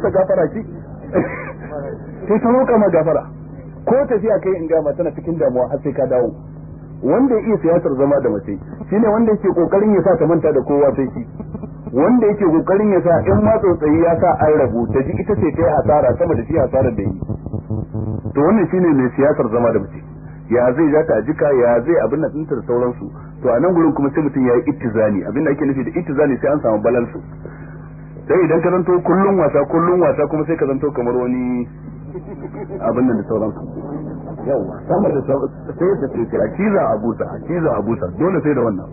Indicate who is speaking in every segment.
Speaker 1: ta gafara ki ta roƙa ma gafara ko tafiya kai in gama tana cikin damuwa har sai ka dawo wanda ya iya siyasar zama da mace shine wanda yake kokarin ya sa ta manta da kowa sai shi wanda yake kokarin ya sa in ma tsotsayi ya sa an rabu ta ji ita ce ta yi asara sama da shi asara da yi to wannan shine mai siyasar zama da mace ya zai ja ta jika ya zai abin da tsintar sauransu to a nan gurin kuma sai mutum ya yi ittizani abin da ake nufi da ittizani sai an samu balansu sai idan ka zanto kullum wasa kullum wasa kuma sai ka zanto kamar wani abin nan da sauransu yawa sama da sai da tsira ciza a busa ciza a busa dole sai da wannan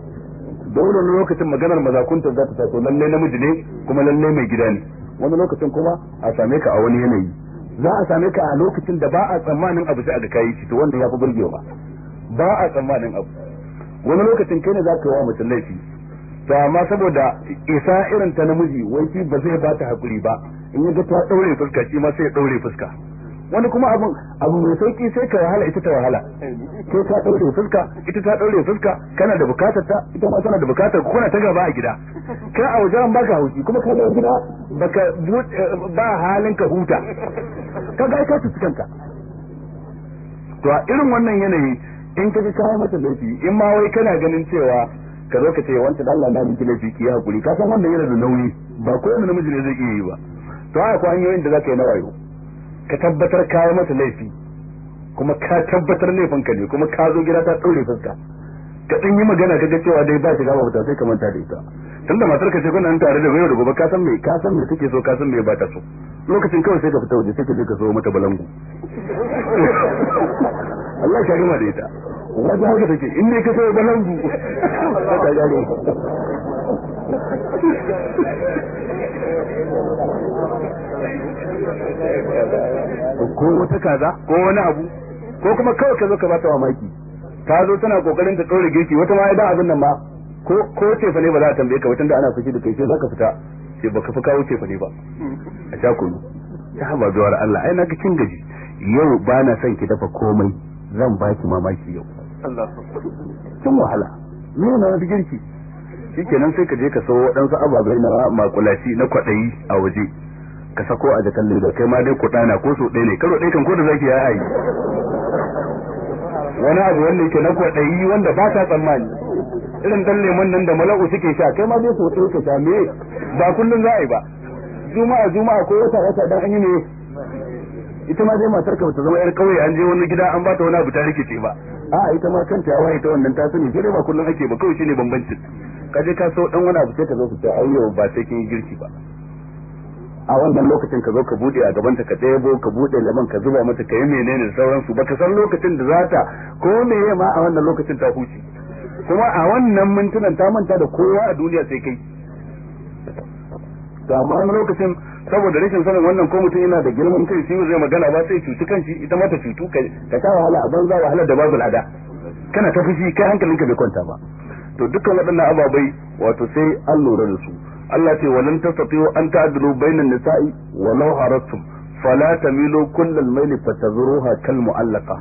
Speaker 1: dole wani lokacin maganar mazakuntar za ta to lalle namiji ne kuma lalle mai gida ne wani lokacin kuma a same ka a wani yanayi za a same ka a lokacin da ba a tsammanin abu sai a ga kayi shi to wanda ya fi burgewa ba a tsammanin abu wani lokacin kai ne za ka yi wa mutum laifi to amma saboda isa irin ta namiji wai shi ba zai ba ta hakuri ba in ya ga ta daure fuska shi ma sai ya daure fuska wani kuma abun abu mai sauki sai ka wahala ita ta wahala ko ta daure fuska ita ta daure fuska kana da bukatar ta ita ma tana da bukatar kuna ta gaba a gida ka a wajen baka hauki kuma ka dawo gida baka ba halin ka huta ka ga ka tuci ka to a irin wannan yanayi in ka ji kai mata laifi in ma wai kana ganin cewa ka zo ka ce wancan da Allah da miki laifi ya hakuri ka san wannan yana da nauyi ba wani namiji ne zai iya yi ba to haka hanyoyin da zaka yi na wayo ka tabbatar ka yi mata laifi kuma ka tabbatar laifin ka ne kuma ka zo gida ta daure fuska ka dan yi magana ka ga cewa dai ba shi gaba ba sai ka manta da ita tunda matar ka ce kuna tare da yau da gobe ka san me ka san me take so ka san me ba ta so lokacin kawai sai ka fita waje sai ka je ka so mata balangu Allah ya rima da ita ya haka take in dai ka sai balangu ko wata kaza ko wani abu ko kuma kawai ka zo ka bata mamaki ta zo tana kokarin ta tsore girki wata ma idan abin nan ma ko ko ce fa ne ba za a tambaye ka wata da ana fushi da kai sai zaka fita sai baka fi kawo ce fa ne ba a sha kullu ta haba zuwar Allah ai na ga kin gaji yau ba na son ki dafa komai zan baki mamaki yau cin wahala me na wani girki shikenan sai ka je ka sawo waɗansu ababai na makulaci na kwaɗayi a waje ka sako a jakan leda kai ma dai kuɗana ko so ɗaya ne karo ɗaya kan ko da zaki ya yi wani abu wanda yake na kwaɗayi wanda ba ta tsammani irin dan lemon nan da mala'u suke sha kai ma dai so ɗaya ka sha me ba kullum za a yi ba juma'a juma'a ko wata wata dan an yi ne ita ma dai matar ka ta zama yar kauye an je wani gida an ba ta wani abu ta rikice ba a ita ma kanta ya waye ta wannan ta sani sai ba kullum ake ba kawai shine bambancin ka je ka so dan wani abu sai ka zo ka ce ai yau ba sai kin girki ba a wannan lokacin ka zo ka bude a gabanta ka ɗebo ka bude laban ka zuba mata ka yi menene da sauransu baka san lokacin da za ta ko me ma a wannan lokacin ta huce kuma a wannan mintunan ta manta da kowa a duniya sai kai to amma wani lokacin saboda rashin sanin wannan ko mutum yana da girman kai shi zai magana ba sai cuci kanshi ita ma ta cutu ka ta wahala a banza wahala da babu lada kana ta fushi kai hankalinka bai kwanta ba to dukkan waɗannan ababai wato sai an lura da su Allah ce walan tastati'u an ta'dilu bainan nisa'i walau haratum fala tamilu kullal mayli fatazruha kal mu'allaqa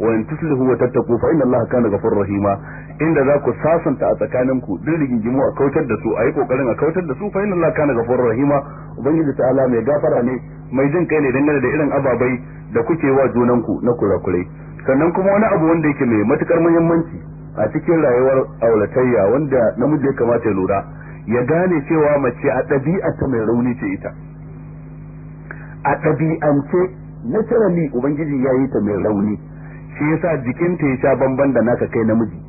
Speaker 1: wa in tuslihu wa tattaqu fa inna allaha kana rahima inda zaku sasanta a tsakanin ku duk rigingimu a kautar da su a yi kokarin a kautar da su fa inna allaha kana rahima ubangiji ta'ala mai gafara ne mai jin kai ne dangane da irin ababai da kuke wa junan ku na kurakurai sannan kuma wani abu wanda yake mai matukar muhimmanci a cikin rayuwar auratayya wanda namiji ya kamata ya lura ya gane cewa mace a ɗabi'arta mai rauni ce ita a ɗabi'ance naturally ubangiji ya yi ta mai rauni shi yasa jikinta ya sha bamban da naka kai namiji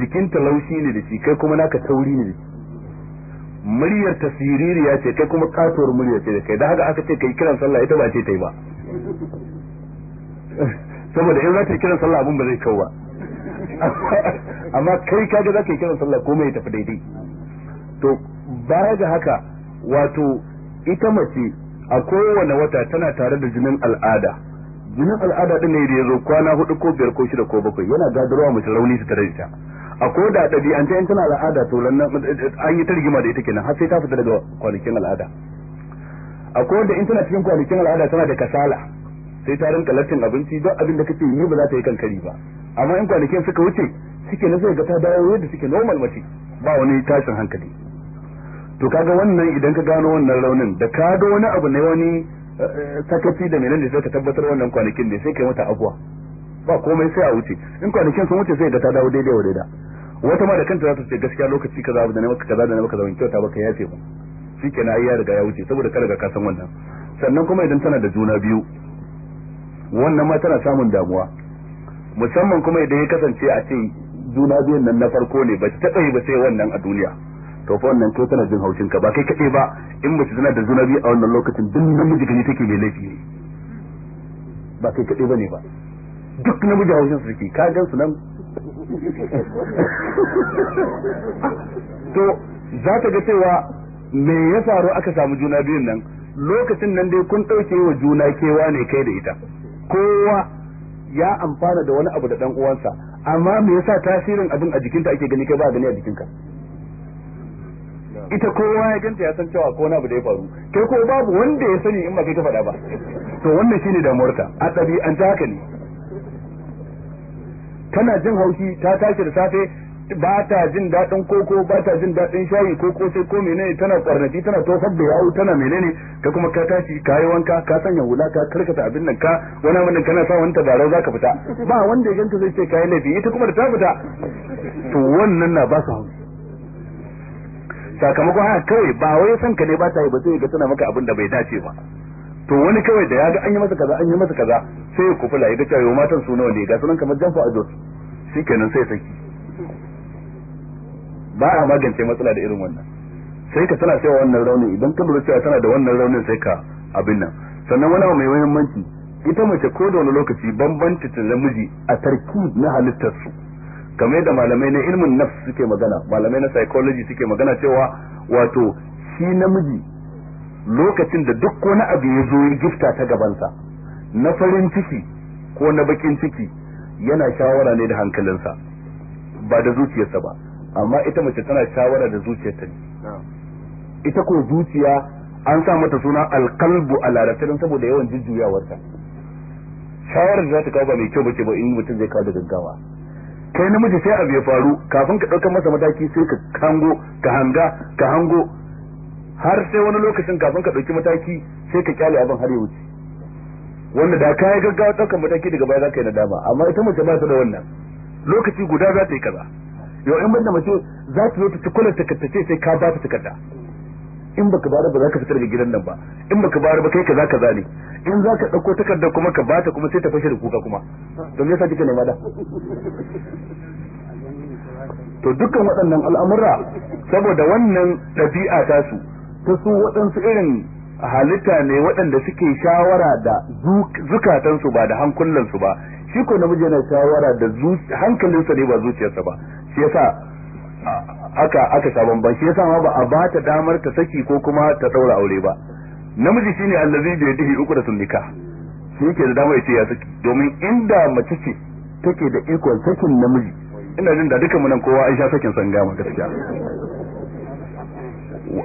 Speaker 1: jikinta laushi ne da shi kai kuma naka tauri ne da shi muryar ce kai kuma katuwar murya ce da kai da haka aka ce kai kiran sallah ita ba ce ta yi ba saboda in za ta kiran sallah abun ba zai kawo ba amma kai kaga za ka kiran sallah kome ya tafi daidai to baya ga haka wato ita mace a kowane wata tana tare da jinin al'ada jinin al'ada din ne da ya zo kwana hudu ko biyar ko shida ko bakwai yana gadarwa mace rauni su tare da a ko da ta yin tana al'ada to an yi ta rigima da ita kenan har sai ta fita daga kwanakin al'ada a ko da in tana cikin kwanakin al'ada tana da kasala sai ta rinka lattin abinci don abin da kake yi ba za ta yi kankari ba amma in kwanakin suka wuce suke na zai ga ta dawo yadda suke normal mace ba wani tashin hankali to kaga wannan idan ka gano wannan raunin da ka ga wani abu ne wani sakaci da menene sai ka tabbatar wannan kwanakin ne sai kai mata abuwa ba komai sai a wuce in kwanakin sun wuce sai ga ta dawo daidai wa daida wata ma da kanta za ta ce gaskiya lokaci kaza da na maka kaza da na maka zaman kyauta baka yafe ba shikenan ai ya riga ya wuce saboda kada ka san wannan sannan kuma idan tana da juna biyu wannan ma tana samun damuwa musamman kuma idan ya kasance a ce juna biyun nan na farko ne ba ta taɓa yi ba sai wannan a duniya to fa wannan kai tana jin haushin ka ba kai kade ba in mace tana da juna biyu a wannan lokacin duk namiji kaje take mai laifi ne ba kai kade bane ba duk namiji haushin su ke ka gan su nan to za ta ga cewa me ya faru aka samu juna biyun nan lokacin nan dai kun ɗauke wa juna kewa ne kai da ita kowa ya amfana da wani abu da ɗan uwansa amma me yasa tasirin abin a jikinta ake gani kai ba gani a jikinka ita kowa ya ganta ya san cewa ko na abu da ya faru kai ko babu wanda ya sani in ba kai ta faɗa ba to wannan shine damuwarta a ɗabi'anta haka ne tana jin haushi ta tashi da safe ba ta jin daɗin koko ba ta jin daɗin shayi ko sai ko menene tana kwarnati tana tofar da yawo tana menene ka kuma ka tashi ka yi wanka ka sanya hula ka karkata abin nan ka wani abin kana sa wani tabarau za ka fita ba wanda ya ganta zai ce ka yi laifi ita kuma da ta fita to wannan na ba su haushi sakamakon haka kawai ba wai san ka ne ba ta yi ba sai ga tana maka abin da bai dace ba to wani kawai da ya ga an yi masa kaza an yi masa kaza sai ya kufula ya ga cewa yau matan su nawa ne ga sunan kamar jamfa a jos kenan sai saki ba a magance matsala da irin wannan sai ka tana cewa wannan raunin idan ka lura cewa tana da wannan raunin sai ka abin nan sannan wani abu mai muhimmanci ita mace ko da wani lokaci bambanta ta namiji a tarkib na halittarsu su game da malamai na ilmin nafs suke magana malamai na psychology suke magana cewa wato shi namiji lokacin da duk wani abu ya zo ya gifta ta gabansa na farin ciki ko na bakin ciki yana shawara ne da hankalinsa ba da zuciyarsa ba amma ita mace tana shawara da zuciyarta ne ita ko zuciya an sa mata suna alkalbu a larabci saboda yawan jujjuyawarta shawarar da za ta kawo ba mai kyau ba ce ba in mutum zai kawo da gaggawa kai namiji sai abu ya faru kafin ka ɗaukar masa mataki sai ka hango ka hanga ka hango har sai wani lokacin kafin ka ɗauki mataki sai ka kyale abin har ya wuce wanda da ka yi gaggawa ɗaukar mataki daga baya za ka yi nadama amma ita mace ba ta da wannan lokaci guda za ta yi kaza yau in banda mace za ta zo ta kula ta ce sai ka ba ta takarda in baka bara ba za ka fitar da gidan nan ba in baka bara ba kai kaza kaza ne in za ka ɗauko takarda kuma ka bata kuma sai ta fashe da kuka kuma don yasa kika nema da to dukkan waɗannan al'amura saboda wannan ɗabi'a ta su ta su waɗansu irin halitta ne waɗanda suke shawara da zukatansu ba da hankulansu ba shi ko namiji yana shawara da hankalinsa ne ba zuciyarsa ba shi yasa aka aka sabon ban shi yasa ma ba a bata damar ta saki ko kuma ta ɗaura aure ba namiji shine allazi da yadihi da nikah shi yake da dama yace ya saki domin inda mace ce take da ikon sakin namiji ina jin da dukan mu nan kowa an sha sakin sanga ma gaskiya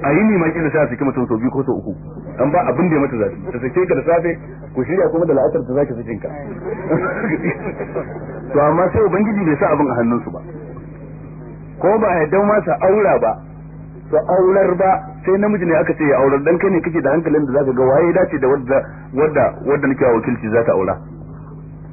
Speaker 1: a yi ne maki da sai a saki mutum sau biyu ko sau uku an ba abin da ya mata zafi ta sake ka da safe ku shirya kuma da la'atar ta zaki sakin ka to amma sai ubangiji bai sa abin a hannunsu ba ko ba a yadda ma aura ba su aular ba sai namiji ne aka ce ya aurar dan kai ne kake da hankalin da zaka ga waye dace da wadda wadda wadda nake wakilci za ta aura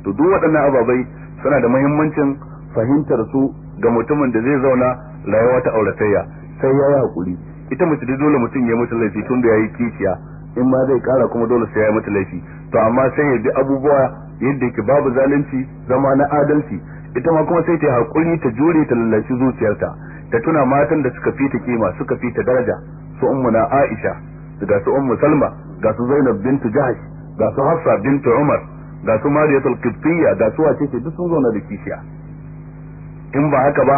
Speaker 1: to duk waɗannan ababai suna da muhimmancin fahimtar su ga mutumin da zai zauna rayuwa ta auratayya sai ya yi hakuri ita mace da dole mutum ya mata laifi tun da yayi kishiya in ma zai kara kuma dole sai ya mata laifi to amma sai ya bi abubuwa yadda yake babu zalunci zama na adalci ita ma kuma sai ta yi hakuri ta jure ta lallaci zuciyarta ta tuna matan da suka fita kima suka fita daraja su ummuna Aisha ga su ummu Salma ga su Zainab bint Jahsh ga su Hafsa bint Umar ga su Mariyatul Qibtiyya ga su wace ce duk sun zauna da kishiya in ba haka ba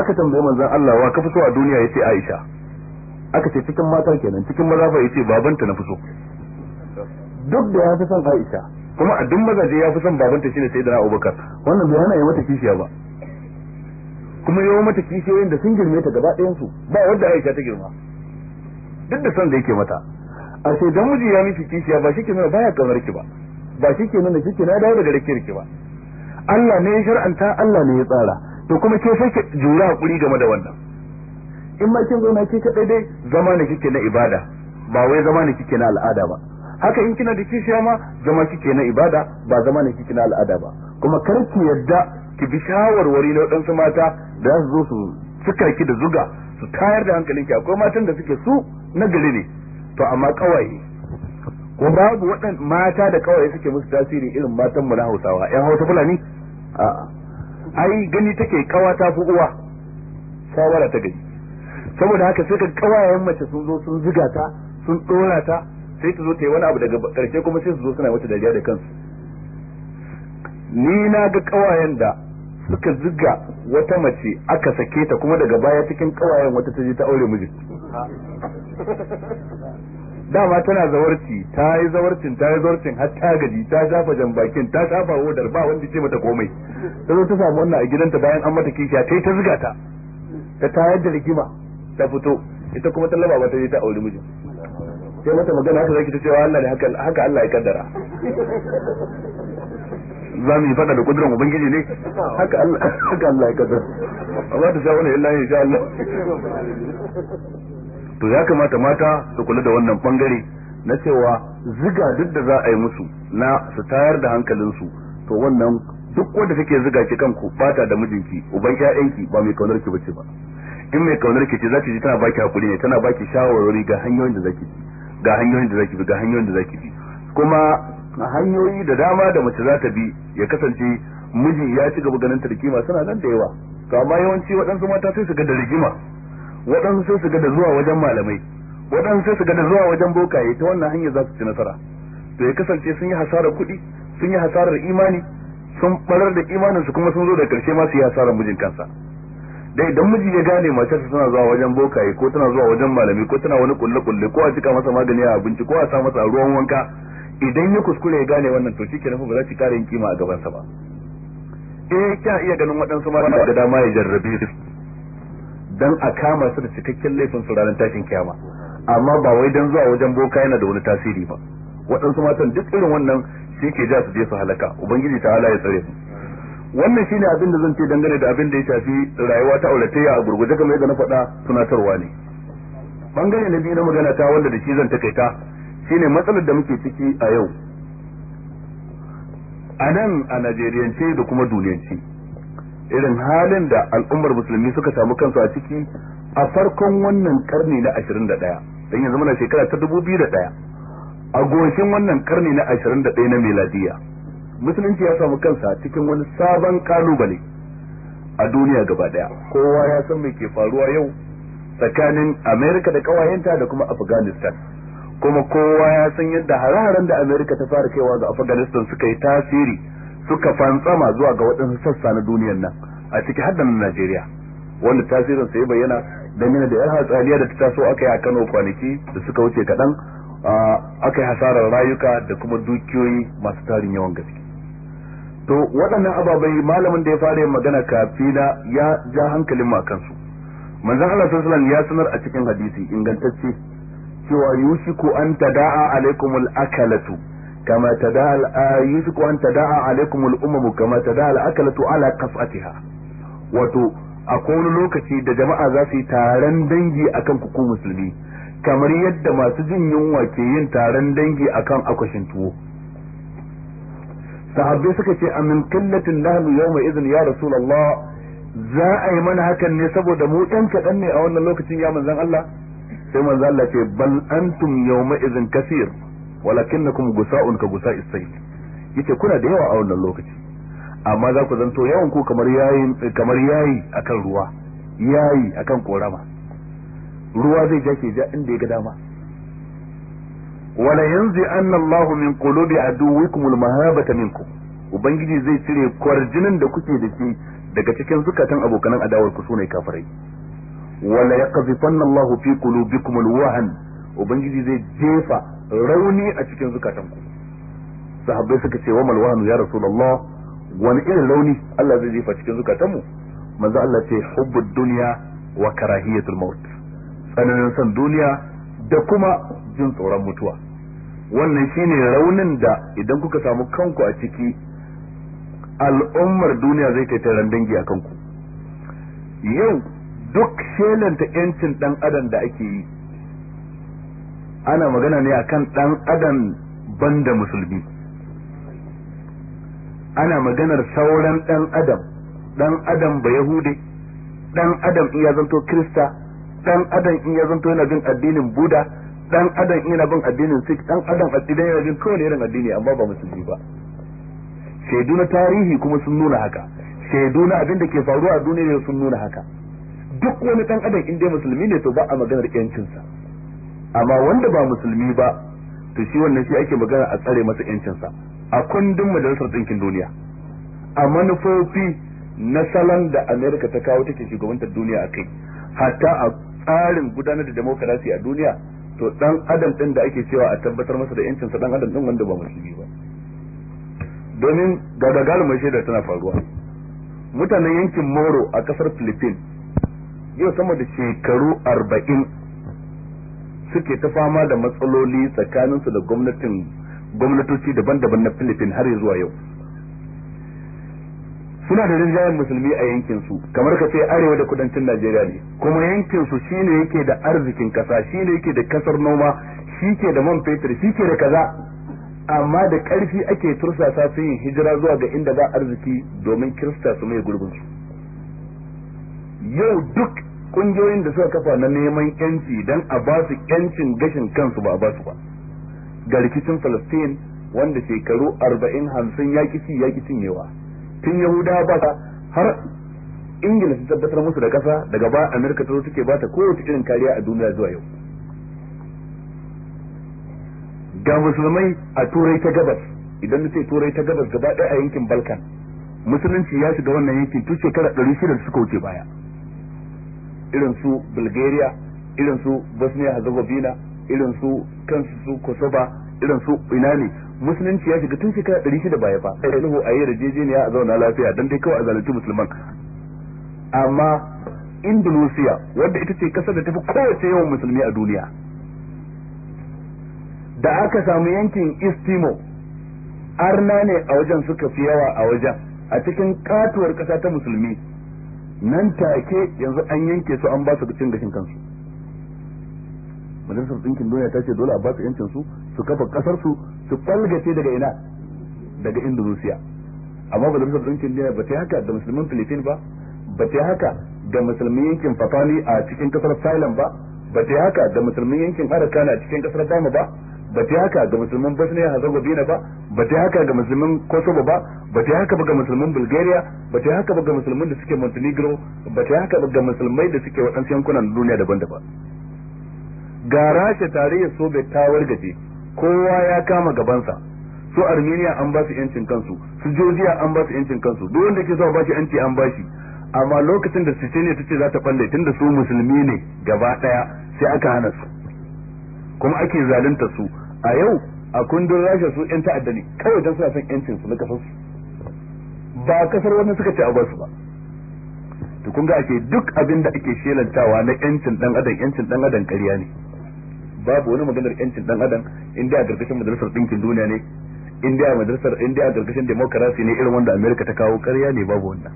Speaker 1: aka tambaye manzon Allah wa ka fito a duniya yace Aisha aka ce cikin mata kenan cikin maza ba yace babanta na fito duk da ya fi son Aisha kuma a duk mazaje ya fi son babanta shine Sayyidina Abubakar wannan bai hana yi mata kishiya ba kuma yau mata kishiyoyin da sun girme ta gaba ɗayan su ba wanda Aisha ta girma duk da son da yake mata a sai dan miji ya miki kishiya ba shi ke nuna baya kamar ki ba ba shi ke nuna kike na dawo daga rakiyar ki ba Allah ne ya shar'anta Allah ne ya tsara to kuma ke sai ki jura hakuri game da wannan in ma kin zauna ki kadai dai zama ne kike na ibada ba wai zama ne kike na al'ada ba haka in kina da kishiya ma zama kike na ibada ba zama ne kike na al'ada ba kuma kar ki yadda ki bi shawarwari na waɗansu mata da za su zo su cika ki da zuga su kayar da hankalinki akwai matan da suke su na gari ne to amma kawaye ko babu waɗan mata da kawaye suke musu tasiri irin matan mu na Hausawa ƴan Hausa Fulani a'a ai gani take kawa ta fi uwa shawara ta gani saboda haka sai ka kawayen mace sun zo sun ziga ta sun dora ta sai ta zo ta yi wani abu daga karshe kuma sai su zo suna mata dariya da kansu ni na ga kawayen da suka ziga wata mace aka sake ta kuma daga baya cikin kawayen wata ta je ta aure mijin dama tana zawarci ta yi zawarcin ta yi zawarcin har ta gaji ta shafa jambakin ta shafa hodar ba wanda ce mata komai ta zo ta samu wannan a gidanta bayan an mata kishiya ta yi ta zuga ta ta tayar da rigima ta fito ita kuma ta laba ta je ta aure mijin sai mata magana haka zaki ta cewa Allah ne haka Allah ya kaddara za mu yi fada da kudurin ubangiji ne haka Allah haka Allah ya kadar amma ta wani illa ya sha Allah to ya kamata mata su kula da wannan bangare na cewa ziga duk da za a yi musu na su tayar da hankalinsu to wannan duk wanda take ziga ki kanku bata da mijinki uban ƴaƴanki ba mai kaunar ki bace ba in mai kaunar ki ce ki ji tana baki hakuri ne tana baki shawarwari ga hanyoyin da zaki bi ga hanyoyin da zaki bi ga hanyoyin da zaki bi kuma hanyoyi da dama da mace za ta bi ya kasance miji ya ci gaba ganin ta rigima suna nan da yawa to amma yawanci waɗansu mata sai su ga da rigima waɗansu sai su ga da zuwa wajen malamai waɗansu sai su ga da zuwa wajen bokaye ta wannan hanyar za su ci nasara to ya kasance sun yi hasarar kuɗi sun yi hasarar imani sun barar da imanin su kuma sun zo da karshe ma su yi hasarar mijin kansa dai idan miji ya gane mace tana zuwa wajen bokaye ko tana zuwa wajen malami ko tana wani kulle kulle ko a cika masa magani a abinci ko a sa masa ruwan wanka idan ya kuskure ya gane wannan to shi kenan ba za ki kare yin kima a gabansa ba eh kya iya ganin waɗansu ma da dama ya jarrabe su dan a kama su da cikakken laifin su ranar tashin kiyama amma ba wai dan zuwa wajen boka yana da wani tasiri ba waɗansu matan duk irin wannan shi ke ja su je su halaka ubangiji ta ala ya tsare su wannan shine abin da zan ce dangane da abin da ya shafi rayuwa ta auratayya a gurguje kamar yadda na faɗa tunatarwa ne bangare na biyu na magana ta wanda da shi zan takaita shine matsalar da muke ciki a yau a nan a najeriyance da kuma duniyance irin halin da al'ummar musulmi suka samu kansu a ciki a farkon wannan karni na 21 don yanzu muna shekara ta 2001 a goshin wannan karni na 21 na meladiya musulunci ya samu kansa cikin wani sabon kalubale a duniya gaba daya kowa ya san me ke faruwa yau tsakanin america da kawayenta da kuma afghanistan kuma kowa ya san yadda hare-haren da Amerika ta fara kaiwa ga Afghanistan suka yi tasiri suka fantsama zuwa ga waɗansu sassa na duniyar nan a ciki hadan Najeriya wanda tasirin sai bayyana da mina da yar hatsaliya da ta taso aka a Kano kwanaki da suka wuce kaɗan aka hasarar rayuka da kuma dukiyoyi masu tarin yawan gaske to waɗannan ababai malamin da ya fara yin magana kafina ya ja hankalin makansu manzon Allah sallallahu alaihi wasallam ya sanar a cikin hadisi ingantacce cewa yushiku an tada'a alaikumul kama tada'a yushiku an tada'a alaikumul umamu kama tada'a al ala qas'atiha wato a lokaci da jama'a za su yi taron dangi akan kuku musulmi kamar yadda masu jin yunwa ke yin taron dangi akan akwashin tuwo sahabbai suka ce amin killatin yau mai izini ya rasu za a yi mana hakan ne saboda mu ɗan kaɗan ne a wannan lokacin ya manzon Allah sai man zalla ce bal antum yawma idhin kaseer walakinnakum gusa'un ka gusa'i sayl yace kuna da yawa a wannan lokaci amma za ku zanto yawan ku kamar yayi kamar yayi akan ruwa yayi akan korama ruwa zai jake ja inda ya ga dama wala yanzi anna Allahu min qulubi aduwikum almahabata minkum ubangiji zai cire kwarjinin da kuke da shi daga cikin zukatan abokan adawar ku sune kafirai wala yaqdhifanna Allahu fi qulubikum alwahan ubangiji zai jefa rauni a cikin zukatanku sahabbai suka ce wa malwahanu ya rasulullah wani irin rauni Allah zai jefa cikin zukatanmu manzo Allah ce hubbud dunya wa karahiyatul maut tsananin san duniya da kuma jin tsoron mutuwa wannan shine raunin da idan kuka samu kanku a ciki al'ummar duniya zai kai taron dangi a kanku yau duk shelanta yancin dan adam da ake yi ana magana ne akan dan adam banda musulmi ana maganar sauran dan adam dan adam ba yahude dan adam in ya zanto krista dan adam in ya zanto yana bin addinin buda dan adam in yana bin addinin sikh dan adam addinin yana bin kowane irin addini amma ba musulmi ba shaidu na tarihi kuma sun nuna haka shaidu na abin da ke faruwa a duniya sun nuna haka duk wani dan adam in dai musulmi ne to ba a maganar yancinsa amma wanda ba musulmi ba to shi wannan shi ake magana a tsare masa yancinsa a kundin majalisar ɗinkin duniya a manufofi na salon da amerika ta kawo take shugabantar duniya a kai hatta a tsarin gudanar da demokarasi a duniya to dan adam din da ake cewa a tabbatar masa da yancinsa dan adam din wanda ba musulmi ba domin ga gagarumar shaida tana faruwa mutanen yankin moro a kasar philippines yau sama da shekaru arba'in suke ta fama da matsaloli tsakaninsu da gwamnatin gwamnatoci daban-daban na filifin har zuwa yau suna da rinjayen musulmi a yankinsu kamar ka ce arewa da kudancin Najeriya ne kuma yankinsu shi shine yake da arzikin kasa shine yake da kasar noma shi ke da man fetur shi ke da kaza amma da karfi ake tursasa su yin hijira zuwa ga inda ba arziki domin kirista su mai gurbinsu yau duk kungiyoyin da suka kafa na neman yanci dan a ba su yancin gashin kansu ba a ba su ba ga rikicin Palestine wanda shekaru 40 50 ya kici ya kicin yawa tun Yahuda ba har Ingila ta tabbatar musu da kasa daga ba Amerika ta zo take ba ta kowace irin kariya a duniya zuwa yau ga musulmai a turai ta gabas idan nace turai ta gabas gaba ɗaya a yankin Balkan musulunci ya shiga wannan yankin tun shekara 600 suka wuce baya irin su bulgaria irin su bosnia herzegovina irin su kansu su kosova irin su ina musulunci ya shiga tun shekara ɗari shida baya fa a yanzu a yi yarjejeniya a zauna lafiya dan dai kawai a musulman amma indonesia wadda ita ce kasar da tafi kowace yawan musulmi a duniya da aka samu yankin istimo arna ne a wajen suka fi yawa a wajen a cikin katuwar kasa ta musulmi nan take yanzu an yanke su an ba su cin gashin kansu majalisar tsinkin duniya ta ce dole a ba su yancin su su kafa kasar su su kwalgace daga ina daga indonesia amma majalisar tsinkin duniya ba ta yi haka da musulmin philippines ba ba ta haka da musulmin yankin fatali a cikin kasar thailand ba ba ta yi haka da musulmin yankin arakana a cikin kasar dama ba ba ta haka ga musulmin bosnia herzegovina ba ba ta haka ga musulmin kosovo ba ba ta haka ba ga musulmin bulgaria ba ta haka ba ga musulmin da suke montenegro ba ta haka ba ga musulmai da suke waɗansu yankunan duniya daban-daban ga rasha so bai tawar wargaje kowa ya kama gabansa su armenia an ba su yancin kansu su georgia an ba su yancin kansu duk wanda ke so ba shi yanci an ba shi amma lokacin da siciliya ta ce za ta tun tunda su musulmi ne gaba ɗaya sai aka hana su kuma ake zalunta su a yau a kundin rasha su yan ta'adda ne kawai don suna son yancin su na kasar su ba kasar wani suka ce abuwa ba su ba to kun ga ake duk abin da ake shelantawa na yancin dan adam yancin dan adam karya ne babu wani maganar yancin dan adam inda a gargashin majalisar ɗinkin duniya ne inda a inda a gargashin demokarasi ne irin wanda amerika ta kawo karya ne babu wannan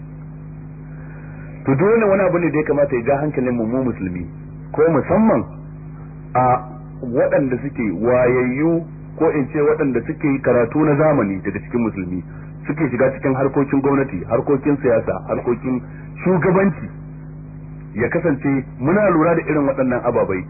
Speaker 1: to dole wani abu ne da ya kamata ya ja hankalin mu mu musulmi ko musamman a waɗanda suke wayayyu ko in ce waɗanda suke karatu na zamani daga cikin musulmi suke shiga cikin harkokin gwamnati harkokin siyasa harkokin shugabanci ya kasance muna lura da irin waɗannan ababai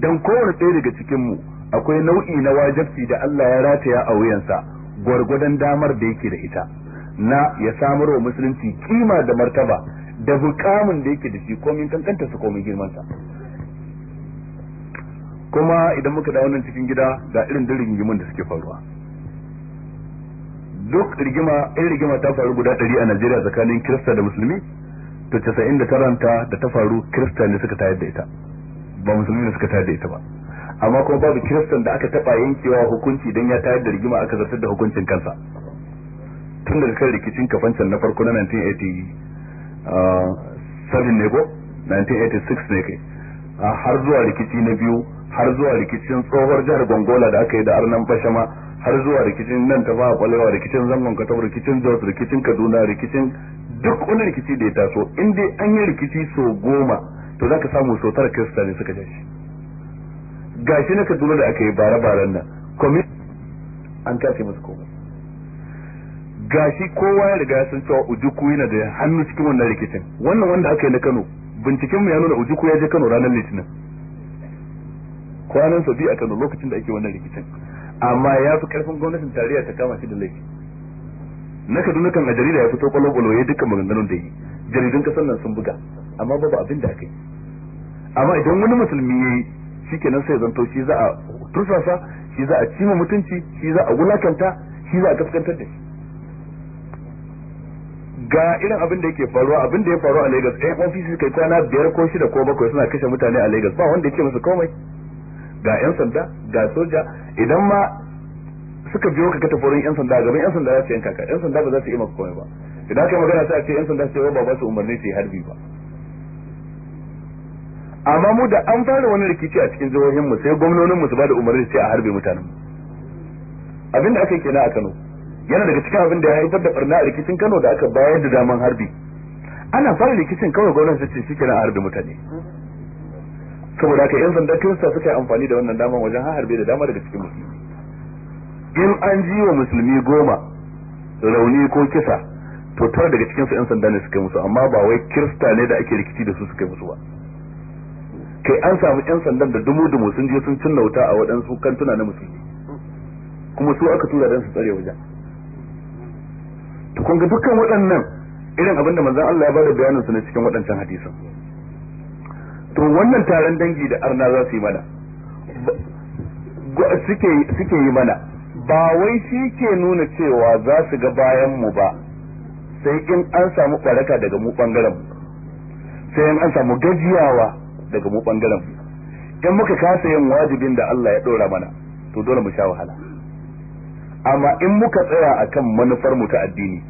Speaker 1: don kowane ɗaya daga cikin mu akwai nau'i na wajabci da Allah ya rataya a wuyansa gwargwadon damar da yake da ita na ya samar wa musulunci kima da martaba da bukamin da yake da shi komin kankanta su komin girmansa kuma idan muka dawo nan cikin gida ga irin duk rigimin da suke faruwa duk rigima irin rigima ta faru guda ɗari a Najeriya tsakanin Kirista da Musulmi to casa'in da ta da ta faru Kirista ne suka tayar da ita ba Musulmi ne suka tayar da ita ba amma kuma babu Kiristan da aka taba yankewa hukunci idan ya tayar da rigima aka zartar da hukuncin kansa tun daga kan rikicin kafancan na farko na 1987 ah, ne ko 1986 ne kai ah, har zuwa rikici na biyu har zuwa rikicin tsohuwar jihar gongola da aka yi da arnan bashama har zuwa rikicin nan ta fara kwalewa rikicin zangon katab rikicin jos rikicin kaduna rikicin duk wani rikici da ya taso in dai an yi rikici so goma to za ka samu so tara kirista ne suka jashi gashi na kaduna da aka yi bare-baren nan kwamitin an tashi masa komai gashi kowa ya riga sun cewa ujuku yana da hannu cikin wannan rikicin wannan wanda aka yi na kano binciken mu ya nuna ujuku ya je kano ranar litinin kwanan sa biyu a Kano lokacin da ake wannan rikicin amma ya fi karfin gwamnatin tarayya ta kama shi da laifi na Kaduna kan a jarida ya fito kwallo kwallo ya dukkan maganganun da yi jaridun kasar nan sun buga amma babu abin da aka yi amma idan wani musulmi ya yi kenan sai zanto shi za a tursasa shi za a cima mutunci shi za a wulakanta shi za a kaskantar da shi ga irin abin da yake faruwa abin da ya faru a Lagos ɗaya ofisi kai kwana biyar ko shida ko bakwai suna kashe mutane a Lagos ba wanda ya ce musu komai ga yan sanda ga soja idan ma suka biyo ka kata forin yan sanda gaban yan sanda za su yanka ka yan sanda ba za su yi maka komai ba idan kai magana sai a ce yan sanda sai ba ba su umarni su yi harbi ba amma mu da an fara wani rikici a cikin jihohin mu sai gwamnonin mu su bada umarni sai a harbe mutanen mu abin da aka yi kenan a Kano yana daga cikin abin da ya haifar da barna a rikicin Kano da aka bayar da daman harbi ana fara rikicin kawai gwamnati ce shi kenan a harbe mutane saboda haka yan sanda kirista suka yi amfani da wannan dama wajen harbe da dama daga cikin musulmi in an ji wa musulmi goma rauni ko kisa to tara daga cikinsu yan sanda ne suka musu amma ba wai kirista ne da ake rikici da su suka musu ba kai an samu yan sandan da dumu dumu sun je sun cinna wuta a waɗansu kantuna na musulmi kuma su aka tura dan su tsare wajen to kun ga dukkan waɗannan irin abin da manzon Allah ya bada bayanin su ne cikin waɗancan hadisan to wannan taron dangi da arna za su yi mana suke yi mana ba wai shi ke nuna cewa za su ga bayan mu ba sai in an samu ɓaraka daga mu ɓangaren sai in an samu gajiyawa daga mu ɓangaren in muka kasa yin wajibin da Allah ya ɗora mana to dole mu sha wahala amma in muka tsaya akan manufar mu ta addini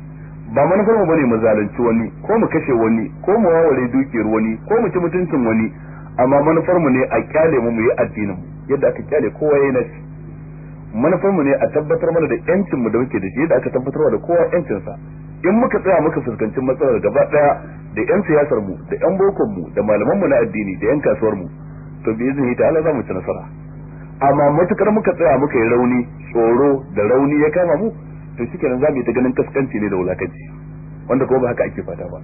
Speaker 1: ba manufar mu bane mu zalunci wani ko mu kashe wani ko mu waware dukiyar wani ko mu ci mutuncin wani amma manufar mu ne a kyale mu mu yi addinin yadda aka kyale kowa yayin shi manufar mu ne a tabbatar mana da yancin mu da muke da shi yadda aka tabbatar da kowa yancin sa in muka tsaya muka fuskanci matsalar gaba daya da yan siyasar mu da yan bokon mu da malaman mu na addini da yan kasuwar mu to bi izini ta Allah za mu ci nasara amma matukar muka tsaya muka yi rauni tsoro da rauni ya kama mu to kenan za mu yi ta ganin kaskanci ne da wulakanci wanda kuma ba haka ake fata ba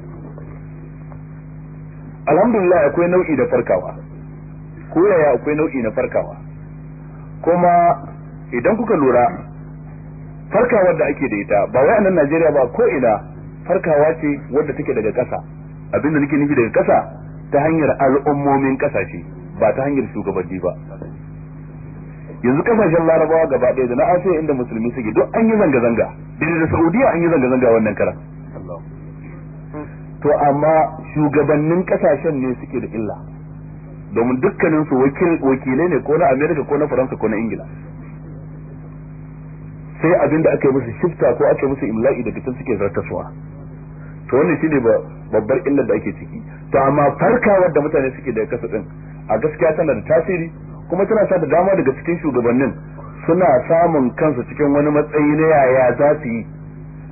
Speaker 1: alhamdulillah akwai nau'i da farkawa ko yaya akwai nau'i na farkawa kuma idan kuka lura farkawar da ake da ita ba wai a nan Najeriya ba ko ina farkawa ce wadda take daga ƙasa abinda nake nufi daga ƙasa ta hanyar al'ummomin ƙasashe ba ta hanyar shugabanni ba yanzu kasashen larabawa gaba ɗaya da na asiya inda musulmi suke don an yi zanga-zanga daidai da saudiya an yi zanga-zanga wannan kara to amma shugabannin kasashen ne suke da illa domin dukkanin su wakilai ne ko na amerika ko na faransa ko na ingila sai abinda aka yi musu shifta ko aka yi musu imla'i daga can suke zartaswa to wannan shine babbar illar da ake ciki to amma farkawar da mutane suke da kasa din a gaskiya tana da tasiri kuma tana sa da dama daga cikin shugabannin suna samun kansu cikin wani matsayi na yaya za su yi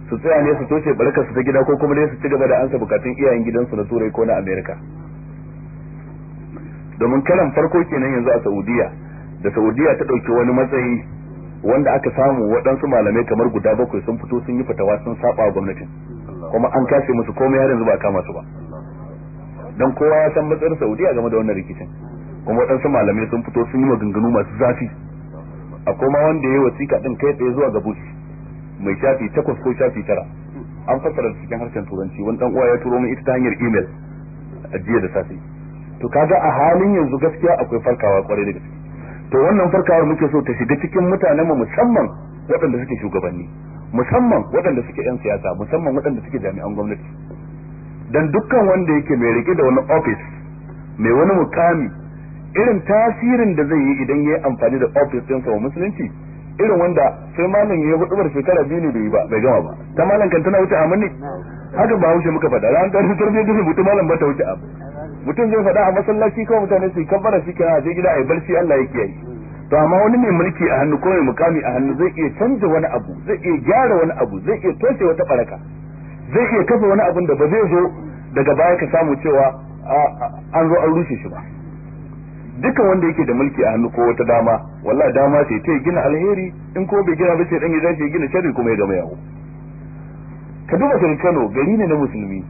Speaker 1: su tsaya ne su toshe barkar su ta gida ko kuma ne su ci gaba da ansa bukatun iyayen gidansu na turai ko na amerika domin karan farko kenan yanzu a saudiya da saudiya ta dauki wani matsayi wanda aka samu waɗansu malamai kamar guda bakwai sun fito sun yi fitawa sun saba wa gwamnatin kuma an kashe musu komai har yanzu ba kama su ba don kowa ya san matsayin saudiya game da wannan rikicin kuma waɗansu malamai sun fito sun yi maganganu masu zafi a koma wanda ya yi wasiƙa ɗin kai tsaye zuwa ga bush mai shafi takwas ko shafi tara an fassara cikin harshen turanci wani ɗan uwa ya turo min ita ta hanyar email a jiya da safe to kaga a halin yanzu gaskiya akwai farkawa kwarai da gaske to wannan farkawar muke so ta shiga cikin mutanen mu musamman waɗanda suke shugabanni musamman waɗanda suke yan siyasa musamman waɗanda suke jami'an gwamnati dan dukkan wanda yake mai rike da wani office mai wani mukami irin tasirin da zai yi idan ya yi amfani da office ɗinsa sa musulunci irin wanda sai malam ya bar shekara biyu ne bai ba bai gama ba ta malam kan tana wuce amin ne haka ba wuce muka faɗa ran ɗan tarbiyyar da mutum malam ba ta wuce abu mutum zai faɗa a masallaci kawai mutane su kabbara shi kana je gida ai barci Allah ya yi. to amma wani mai mulki a hannu ko mai mukami a hannu zai iya canza wani abu zai iya gyara wani abu zai iya toshe wata baraka zai iya kafa wani abun da ba zai zo daga baya ka samu cewa an zo an rushe shi ba dukan wanda yake da mulki a hannu ko wata dama walla dama ce ta gina alheri in ko bai gina ba sai dan ya gina sharri kuma ya gama yawo ka duba kan Kano gari ne na musulmi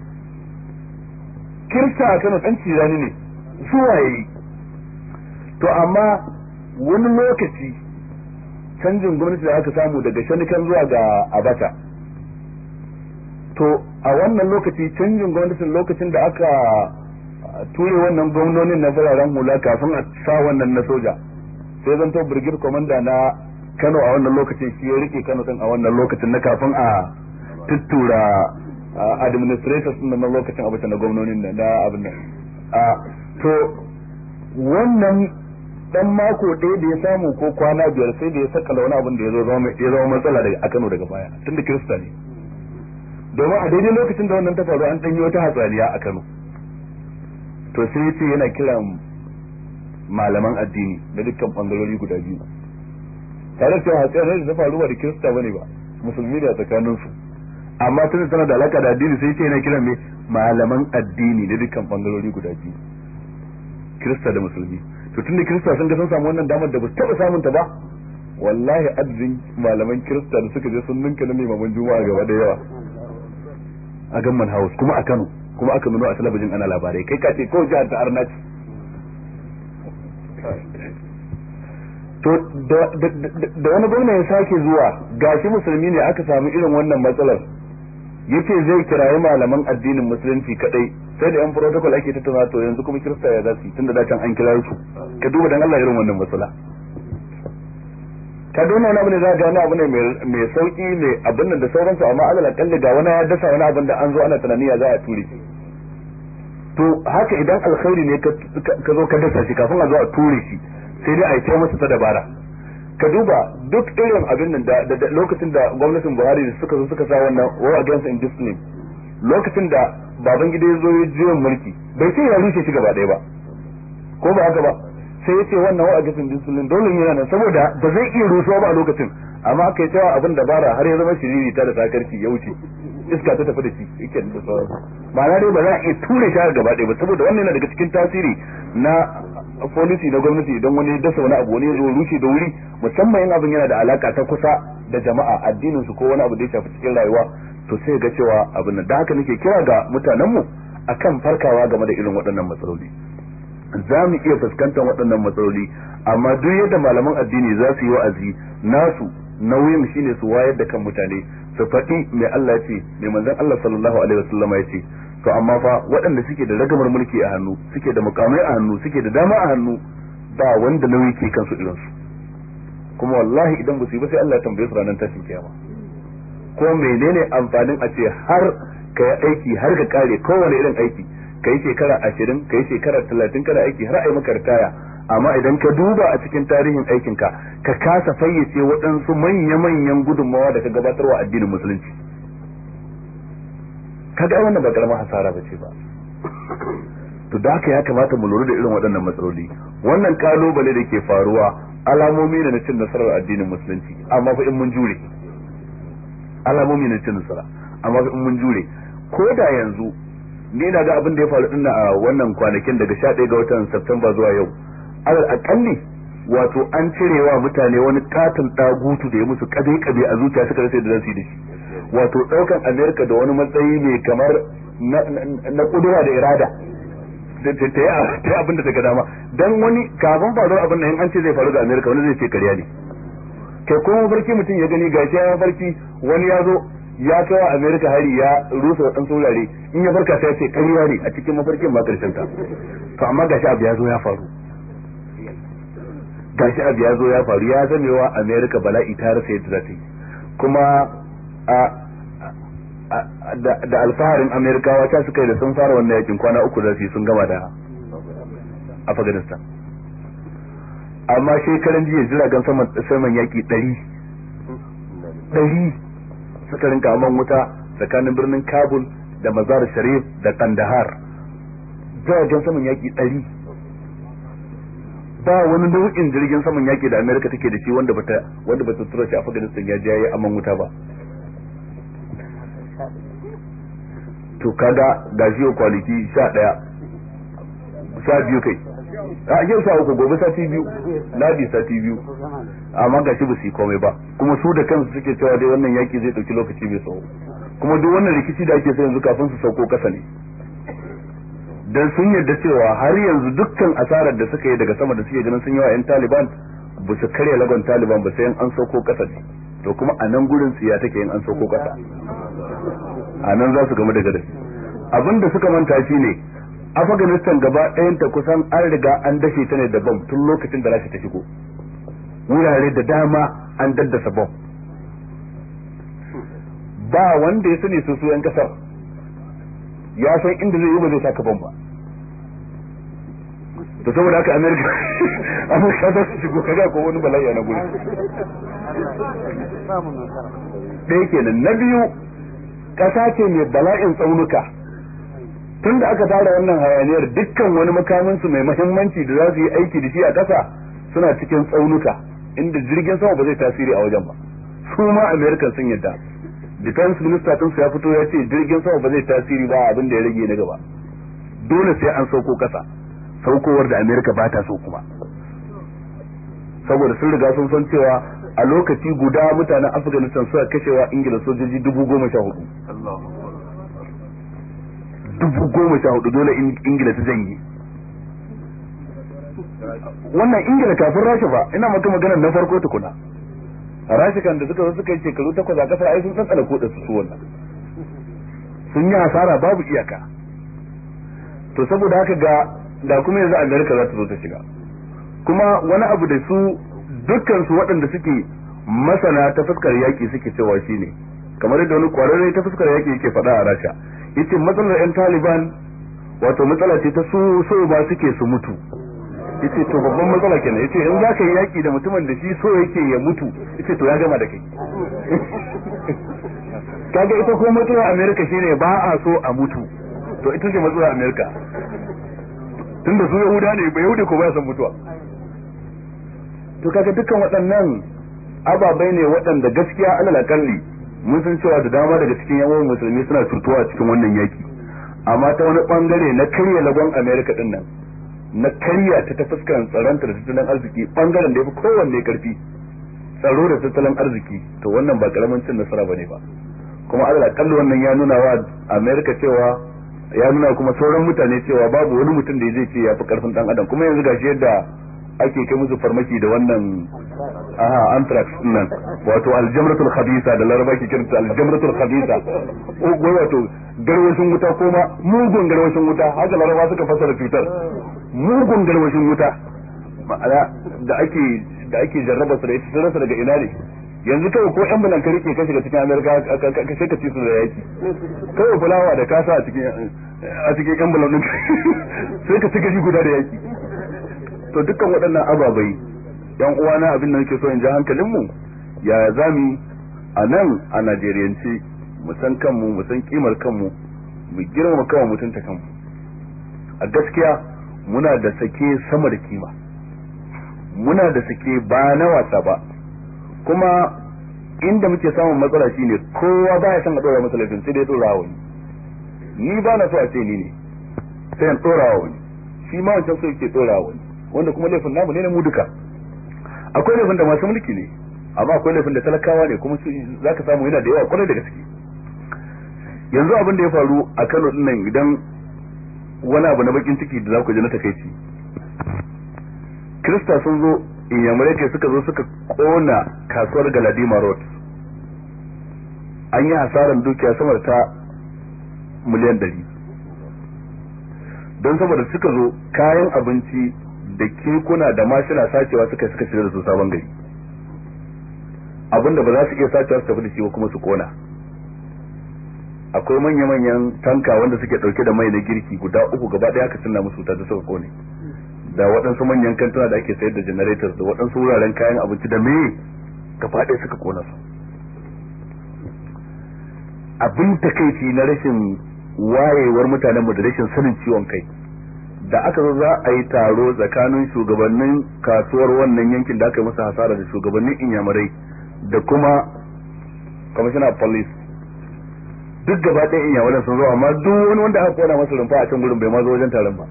Speaker 1: Kirsa a Kano dan cirani ne zuwa yi. to amma wani lokaci canjin gwamnati da aka samu daga shanikan zuwa ga abata to a wannan lokaci canjin gwamnatin lokacin da aka a ture wannan gwamnonin na fararen hula kafin a sa wannan na soja sai zan to brigade na Kano a wannan lokacin shi ya rike Kano din a wannan lokacin na kafin a tuttura administrators din na lokacin abin na gwamnonin da abin nan to wannan dan mako ɗaya da ya samu ko kwana biyar sai da ya saka launa abin da ya zama matsala daga Kano daga baya tun da Kirista ne domin a daidai lokacin da wannan ta faru an ɗanyi wata hatsaniya a Kano to sai ce yana kiran malaman addini da dukkan bangarori guda biyu tare da cewa hatsiyar da faru ba da kirista bane ba musulmi da tsakanin su amma tun tana da alaka da addini sai ce yana kiran me malaman addini da dukkan bangarori guda biyu kirista da musulmi to tunda kirista sun ga sun samu wannan damar da ba su taba samun ta ba wallahi adadin malaman kirista da suka je sun ninka na limaman juma'a gaba da yawa a gamman house kuma a Kano kuma aka nuna a talabijin ana labarai kai ka ce ko jihar ta arna to da wani gwamna ya sake zuwa gashi musulmi ne aka samu irin wannan matsalar yace zai kirayi malaman addinin musulunci kadai sai da yan protocol ake tattauna to yanzu kuma kirista ya za su yi tunda da can an kira su ka duba dan Allah irin wannan matsala ka dona wani abu ne za a gani abu ne mai sauki ne abin nan da sauransu amma alal akalli ga wani ya dasa wani abin da an zo ana tunani ya za a ture to haka idan alkhairi ne ka zo ka dasa shi kafin a zo a ture shi sai dai a yi masa ta dabara ka duba duk irin abin nan da lokacin da gwamnatin Buhari da suka zo suka sa wannan war against indiscipline lokacin da baban gida ya zo ya juyin mulki bai sai ya rushe shi gaba ɗaya ba ko ba haka ba sai ya ce wannan war against indiscipline dole ne yana nan saboda ba zai iya rusuwa ba a lokacin amma aka yi cewa abin dabara har ya zama shiriri ta da sakarci ya wuce iska ta tafi da shi yake da sauran ma'ana dai ba za a iya ture shi gaba ɗaya ba saboda wannan yana daga cikin tasiri na policy na gwamnati idan wani ya dasa wani abu wani ya zo rushe da wuri musamman yin abin yana da alaka ta kusa da jama'a addinin su ko wani abu da ya shafi cikin rayuwa to sai ga cewa abin nan da haka nake kira ga mutanenmu akan farkawa game da irin waɗannan matsaloli za mu iya fuskantar waɗannan matsaloli amma duk yadda malaman addini za su yi wa'azi nasu nauyin shine su wayar da kan mutane su faɗi mai Allah ce mai manzon Allah sallallahu alaihi wasallama ya ce to amma fa waɗanda suke da ragamar mulki a hannu suke da mukamai a hannu suke da dama a hannu ba wanda nauyi ke kansu irin su kuma wallahi idan ba su yi ba sai Allah ya tambaye su ranar tashin kiyama ko menene amfanin a ce har ka yi aiki har ka kare kowane irin aiki ka yi shekara ashirin ka yi shekara talatin kana aiki har a yi maka ritaya amma idan ka duba a cikin tarihin aikinka ka kasa fayyace waɗansu manya-manyan gudunmawa da ka gabatarwa addinin musulunci Ka ga wannan ba karamar hasara bace ba to da haka ya kamata mu lura da irin waɗannan matsaloli wannan kalubale da ke faruwa alamomi ne na cin nasarar addinin musulunci amma fa in mun jure alamomi ne na cin nasara amma fa in mun jure ko da yanzu ni na ga abin da ya faru dinnan a wannan kwanakin daga 11 ga watan September zuwa yau alal akalli wato an cirewa mutane wani katin dagutu da ya musu kabe kabe a zuciya suka rasa da su dace wato daukan america da wani matsayi mai kamar na kudura da irada ta yi abin da ta ga dama dan wani kafin faruwar abin nan an ce zai faru ga america wani zai ce karya ne kai ko mafarki mutum ya gani gashi ya farki wani ya zo ya kawo wa america hari ya rusa wa ɗansu wurare in ya farka sai ya ce karya ne a cikin mafarkin ba karshen ta to amma gashi abu ya zo ya faru tashi abu ya zo ya faru ya zamewa america bala'i ta rasa yadda zata yi kuma da alfaharin amerikawa ta suka kai da sun fara wannan yakin kwana uku da sun gama da afghanistan amma shekaran jiya jiragen saman yaki ɗari ɗari suka rinka man wuta tsakanin birnin kabul da mazar sharif da kandahar jiragen saman yaki ɗari ba wani nau'in jirgin saman yaki da Amerika take da shi wanda bata wanda bata tura shi Afghanistan ya jaye a man wuta ba to kaga ga shi o kwaliti sha biyu kai a yau sha uku gobe sati biyu ladi sati biyu amma ga shi ba su komai ba kuma su da kansu suke cewa dai wannan yaki zai dauki lokaci mai tsawo kuma duk wannan rikici da ake so yanzu kafin su sauko kasa ne dan sun yarda cewa har yanzu dukkan asarar da suka yi daga sama da suke ganin sun yi wa yan Taliban ba su karya lagon Taliban ba sai an sauko kasa ne to kuma a nan gurin siya take yin an sauko kasa a nan za su gamu da abin da suka manta shi ne Afganistan gaba ɗayan ta kusan an riga an dashe ta ne da bom tun lokacin da za ta shigo wurare da dama an daddasa bom ba wanda ya sani su su 'yan kasar ya san inda zai yi ba zai saka bamba Da saboda haka amerika amurka za su shigo kaga ko wani bala'i na gudu ɗaya kenan na biyu ƙasa ce mai bala'in tsaunuka tun da aka tara wannan hayaniyar dukkan wani makaminsu mai mahimmanci da za su yi aiki da shi a ƙasa suna cikin tsaunuka inda jirgin sama ba zai tasiri a wajen ba su ma amerika sun yadda defense minister tun ya fito ya ce jirgin sama ba zai tasiri ba abin da ya rage na gaba dole sai an sauko kasa saukowar da america ba ta so kuma saboda sun riga sun san cewa a lokaci guda mutanen afghanistan suka kashewa ingila sojoji dubu goma sha hudu dubu goma sha hudu dole ingila ta janye wannan ingila kafin rasha ba ina maka magana na farko tukuna rashikan da suka zo suka yi shekaru takwas a kasar ai sun san ko da su wannan sun yi hasara babu iyaka to saboda haka ga da kuma yanzu amerika za ta zo ta shiga kuma wani abu da su dukkan su waɗanda suke masana ta fuskar yaƙi suke cewa ne kamar yadda wani kwararre ta fuskar yaƙi yake faɗa a rasha yace matsalar yan taliban wato matsala ce ta so ba suke su mutu yace to babban matsala kenan yace in zaka yi yaki da mutumin da shi so yake ya mutu yace to ya gama da kai kaga ita ko matsalar America shine ba a so a mutu to ita ce matsalar America tunda su Yahuda ne ba yauda ko ba san mutuwa to kaga dukkan waɗannan ababai ne waɗanda gaskiya alal akalli mun san cewa da dama daga cikin yawan musulmi suna turtuwa cikin wannan yaki amma ta wani bangare na karya lagon America din nan na karya ta ta fuskar tsaronta da tattalin arziki bangaren da ya fi kowanne karfi tsaro da tattalin arziki to wannan ba karamin cin nasara ne ba kuma Allah kallo wannan ya nuna wa America cewa ya nuna kuma sauran mutane cewa babu wani mutum da zai ce ya fi karfin dan adam kuma yanzu gashi yadda ake kai musu farmaki da wannan aha anthrax nan wato aljamratul khabisa da laraba ke kirta aljamratul khabisa ko wato garwashin wuta kuma mugun garwashin wuta haka laraba suka fasara cutar mugun garwashin wuta ma'ana da ake da ake jarraba su da ita sanarsa daga ina ne yanzu kawai ko yan bulan karike ka shiga cikin amerika ka sai ka ci su da yaki kawai fulawa da kasa a cikin a cikin yan bulan din sai ka ci shi guda da yaki to dukkan waɗannan ababai yan uwana abin da nake so in ji hankalin mu ya zami a nan a najeriyance mu san kanmu mu san kimar kanmu mu girmama kanmu mutunta kanmu a gaskiya muna da sake sama da kima muna da sake ba na wasa ba kuma inda muke samun matsala shine kowa baya san a dora matsalafin sai dai dora wani ni ba na so a ce ni ne sai in dora wani shi ma wancan so yake dora wani wanda kuma laifin namu ne na mu duka akwai laifin da masu mulki ne amma akwai laifin da talakawa ne kuma za ka samu yana da yawa kwarai da gaske yanzu abin da ya faru a Kano dinnan idan wani abu na bakin ciki da za ku ji na takaici krista sun zo inyamurai kai suka zo suka kona kasuwar galadima road an yi hasaran dukiya sama ta miliyan dari. don saboda suka zo kayan abinci da kekuna da mashina sacewa suka suka shirya da su sabon gari abinda ba za su iya sacewa su tafi da shi kuma su kona akwai manya-manyan tanka wanda suke dauke da mai na girki guda uku gaba daya aka cinna musu ta suka kone da waɗansu manyan kantuna da ake sayar da generators da waɗansu wuraren kayan abinci da me gaba daya suka kona su abin takaici na rashin wayewar mutanen mu da rashin sanin ciwon kai da aka zo za a yi taro tsakanin shugabannin kasuwar wannan yankin da aka yi masa hasara da shugabannin inyamurai da kuma commissioner police duk gaba ɗaya in yawon sun zo amma duk wani wanda aka kona masa rumfa a can gurin bai ma zo wajen taron ba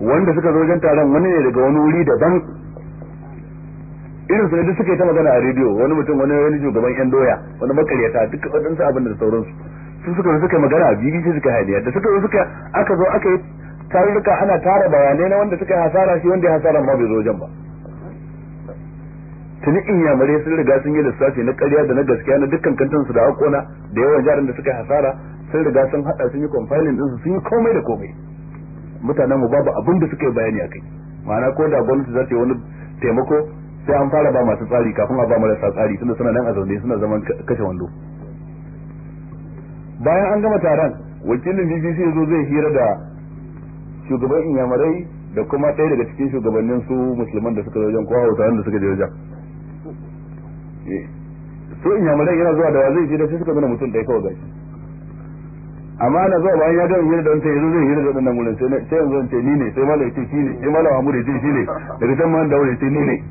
Speaker 1: wanda suka zo wajen taron wani ne daga wani wuri daban irin su ne duk suka yi ta magana a rediyo wani mutum wani wani shugaban yan doya wani makaryata duk waɗansu abin da sauransu su suka zo suka yi magana a bbc suka hayaniya da suka zo suka aka zo aka yi tarurruka ana tara bayanai na wanda suka yi hasara shi wanda ya hasara ma bai zo wajen ba tuni inyamurai sun riga sun yi lissafi na ƙarya da na gaskiya na dukkan kantansu da akona da yawan jarin da suka hasara sun riga sun hada sun yi compiling ɗinsu sun yi komai da komai mutanen mu babu abin da suka yi bayani akai ma'ana ko da gwamnati za ta yi wani taimako sai an fara ba masu tsari kafin a ba marasa tsari tunda suna nan a zaune suna zaman kashe wando bayan an gama taron wakilin bbc zo zai hira da shugaban inyamurai da kuma ɗaya daga cikin shugabannin su musulman da suka zo wajen kowa da suka je wajen su inyamurai yana zuwa da wa zai da sai suka zana mutum da ya kawai gashi amma na zuwa bayan ya gama hira da wancan yanzu zai hira da wannan wurin sai sai yanzu ce ni ne sai malam ce shi ne sai malam amur ya ce shi ne daga can ma da wuri ce ni ne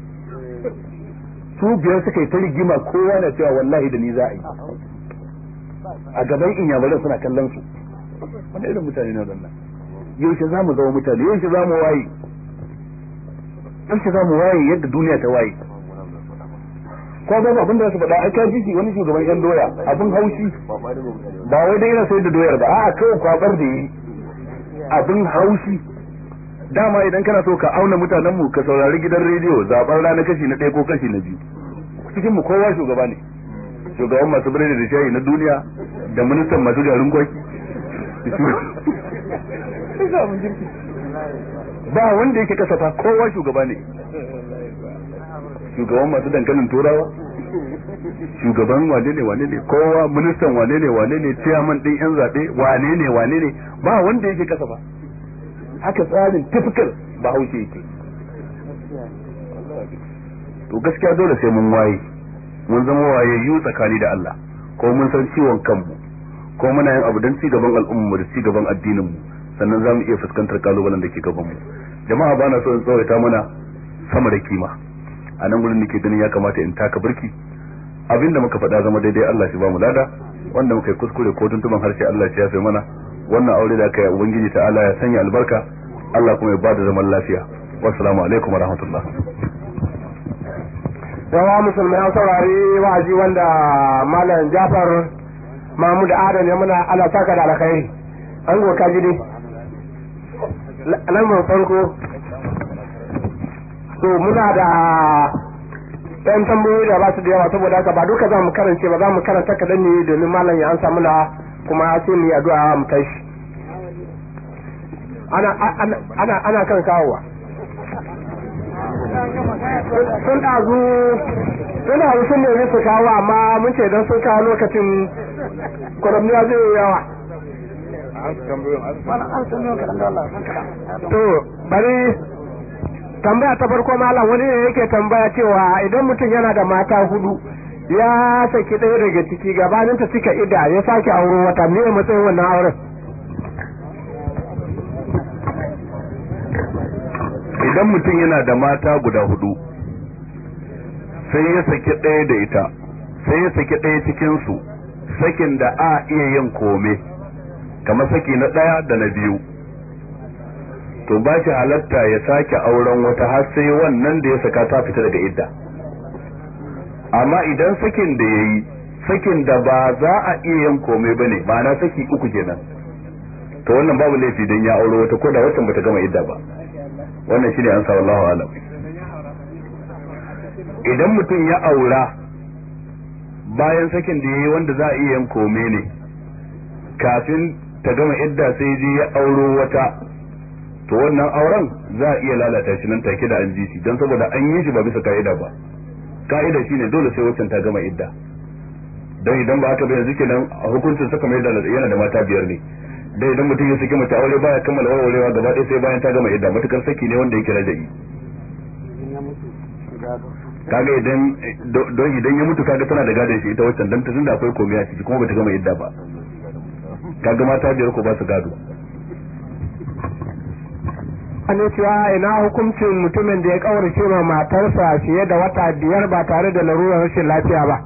Speaker 1: su biyar suka yi ta rigima kowa na cewa wallahi da ni za a yi a gaban inyamurai suna kallon su wani irin mutane ne wadannan yaushe za mu zama mutane yaushe za mu waye yaushe za mu waye yadda duniya ta waye ko ga abin da za su faɗa ai ka ji wani shugaban yan doya abin haushi ba wai dai yana sayar da doyar ba a'a kawai kwabar da yi abin haushi dama idan kana so ka auna mutanen mu ka saurari gidan rediyo zaɓar rana kashi na ɗaya ko kashi na biyu cikin mu kowa shugaba ne shugaban masu birni da shayi na duniya da ministan masu garin kwai ba wanda yake kasafa kowa shugaba ne shugaban masu dankalin turawa shugaban wane ne wane ne kowa ministan wane ne wane ne chairman din yan zaɓe wane ne wane ne ba wanda yake kasa ba haka tsarin typical ba haushe yake to gaskiya dole sai mun waye mun zama waye yu tsakani da Allah ko mun san ciwon kanmu ko muna yin abu don ci gaban al'ummu da ci gaban addinin mu sannan za mu iya fuskantar kalubalen da ke gaban mu jama'a ba na so in tsawaita mana sama da kima a nan gurin nake ganin ya kamata in taka birki abinda muka faɗa zama daidai Allah shi ba mu lada wanda muka yi kuskure ko tuntuban harshe Allah shi ya fi mana wannan aure da aka yi ubangiji ta'ala ya sanya albarka Allah kuma ya bada zaman lafiya wassalamu alaikum wa rahmatullah
Speaker 2: yawa musulmai an saurari wa'azi wanda malam jafar mahmud adam ya muna ala saka da alkhairi an goka gidi lambar farko so muna da yan tambayoyi da ba su da yawa saboda haka ba duka za mu karance ba za mu karanta kaɗan ne domin malam ya ansa na kuma sai mu yi addu'a mu tashi ana ana ana kan kawowa sun ɗazu sun ɗazu sun nemi su kawo amma mun ce don sun kawo lokacin
Speaker 3: kwaramniya zai yi yawa
Speaker 2: to bari tambaya ta farko malam wani ne yake tambaya cewa idan mutum yana da mata hudu ya saki ɗaya daga ciki gabanin ta cika ida ya sake auro wata ne matsayin wannan auren
Speaker 3: idan
Speaker 1: mutum yana da mata guda hudu sai ya saki ɗaya da ita sai ya saki ɗaya cikinsu sakin da a iya yin kome kamar saki na ɗaya da na biyu to ba shi halatta ya sake auren wata har sai wannan da ya saka ta fita daga idda amma idan sakin da ya yi sakin da ba za a iya yin komai ba ne ma'ana saki uku kenan to wannan babu laifi don ya auro wata ko da watan bata gama idda ba wannan shine an sa wallahu alam idan mutum ya aura bayan sakin da ya yi wanda za a iya yin komai ne kafin ta gama idda sai ji ya auro wata to wannan auren za a iya lalata shi nan take da an ji shi don saboda an yi shi ba bisa ka'ida ba ka'ida shine dole sai wacce ta gama idda dan idan ba aka ba yanzu kenan hukuncin saka mai da yana da mata biyar ne dan idan mutum ya saki mace aure baya kammala warwarewa gaba ɗaya sai bayan ta gama idda matukar saki ne wanda yake raja'i kaga idan don idan ya mutu kaga tana da gadon shi ita waccan dan tunda akwai komai a ciki kuma bata gama idda ba kaga mata biyar ko ba su gado
Speaker 2: yi cewa ina hukuncin mutumin da ya kaurace ma matarsa fiye da wata biyar ba tare da larurar rashin lafiya ba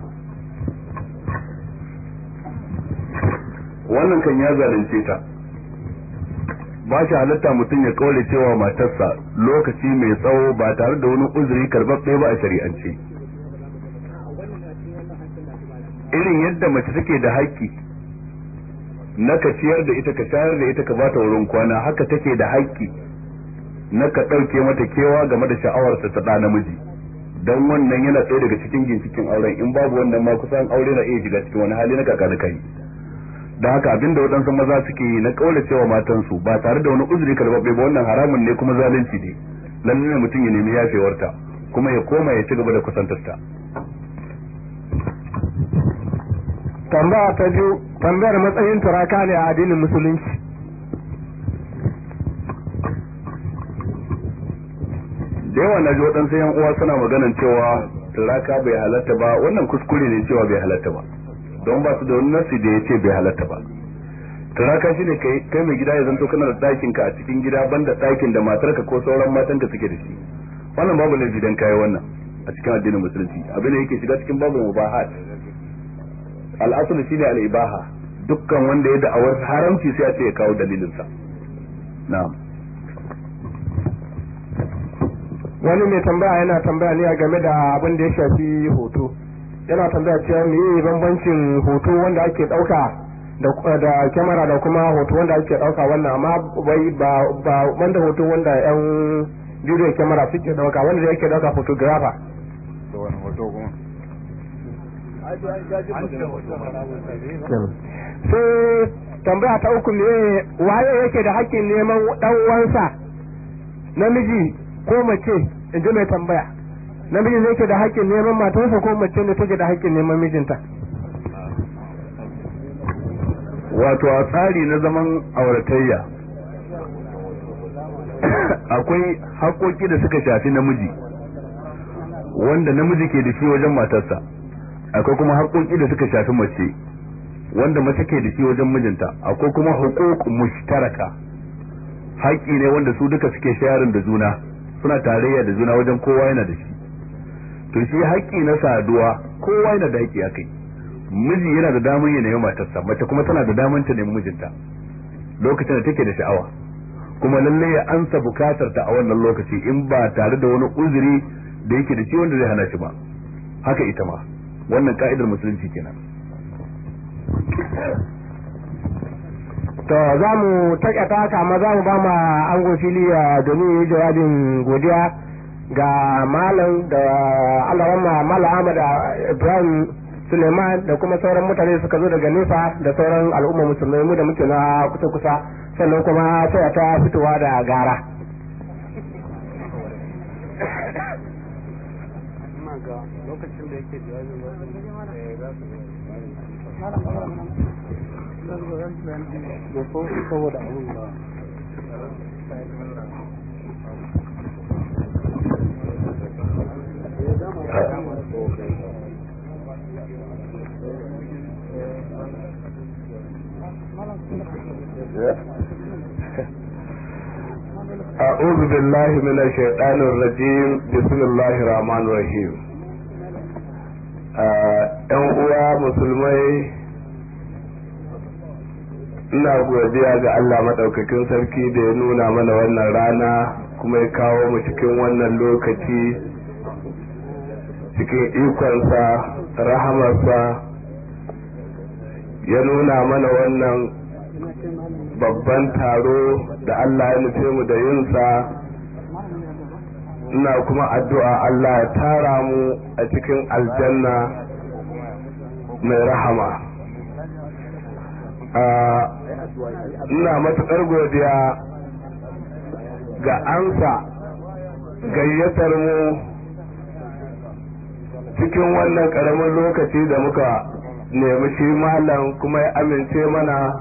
Speaker 1: wannan kan ya zalunce ta ba shi halatta mutum ya kaure cewa matarsa lokaci mai tsawo ba tare da wani uzuri karbabbe ba a shari'ance irin yadda mace take da haƙƙi na ka ciyar da ita ka shayar da ita ka bata wurin kwana haka take da haƙƙi na ka ɗauke mata kewa game da sha'awarsa ta ɗa namiji don wannan yana tsaye daga cikin gincikin auren in babu wannan ma kusan aure na iya shiga cikin wani hali na kaka da kai da haka abin da waɗansu maza suke yi na ƙaura cewa matansu ba tare da wani uzuri karɓaɓɓe ba wannan haramun ne kuma zalunci ne lalle ne mutum ya nemi yafewarta kuma ya koma ya ci gaba da kusantarta
Speaker 2: tambaya ta biyu tambayar matsayin turaka ne a addinin musulunci
Speaker 1: da yawa na ji waɗansu yan uwa suna maganan cewa turaka bai halatta ba wannan kuskure ne cewa bai halatta ba don ba su da wani nasi da ya ce bai halatta ba turaka shi ne kai mai gida ya zanto kana da ɗakin ka a cikin gida banda ɗakin da matarka ko sauran matan ka suke da shi wannan babu laifi don kayi wannan a cikin addinin musulunci abin da yake shiga cikin babu mubahat al'asul ne al'ibaha dukkan wanda ya da'awar haramci sai a ce ya kawo dalilinsa na'am
Speaker 2: wani mai tambaya yana tambaya ne game da abin da ya shafi hoto yana tambaya cewa me bambancin hoto wanda ake dauka da kyamara da kuma hoto wanda ake dauka wannan amma bai ba wanda hoto wanda yan bidiyo kyamara suke dauka wanda yake dauka photographer sai tambaya ta uku me waye yake da hakkin neman dan uwansa namiji ko mace in ji mai tambaya namiji ne ke da haƙƙin neman matarsa ko mace ne take da haƙƙin neman
Speaker 1: mijinta wato a tsari na zaman auratayya akwai haƙoƙi da suka shafi namiji wanda namiji ke da shi wajen matarsa akwai kuma haƙoƙi da suka shafi mace wanda mace ke da shi wajen mijinta akwai kuma hukuk mushtaraka haƙƙi ne wanda su duka suke sharin da juna suna tarayya da juna wajen kowa yana da shi to shi haƙƙi na saduwa kowa yana da haƙƙi akai miji yana da damar ya nemi matarsa mace kuma tana da damar ta nemi mijinta lokacin da take da sha'awa kuma lalle ya ansa bukatar ta a wannan lokaci in ba tare da wani uzuri da yake da shi wanda zai hana shi ba haka ita ma wannan ka'idar musulunci kenan to
Speaker 2: za mu ta kama za mu ba ma ango fili domin yi jawabin godiya ga malam da alarama malam ahmad ibrahim suleiman da kuma sauran mutane suka zo daga nufa da sauran al'umma musulmai mu da muke na kusa-kusa sannan kuma sai ta fitowa da gara
Speaker 3: Thank you. Before forward Allah.
Speaker 1: أعوذ بالله من الشيطان الرجيم بسم الله الرحمن الرحيم أه أن أولى مسلمي ina godiya ga Allah maɗaukakin sarki da ya nuna mana wannan rana kuma ya kawo mu cikin wannan lokaci cikin ikonsa rahamarsa ya nuna mana wannan babban taro da Allah ya nufe mu da yinsa ina kuma addu'a Allah ya tara mu a cikin aljanna mai rahama ah, ina matuƙar godiya ga ansa
Speaker 2: gayyatar mu cikin wannan ƙaramin lokaci
Speaker 1: da muka nemi shi malam kuma ya amince mana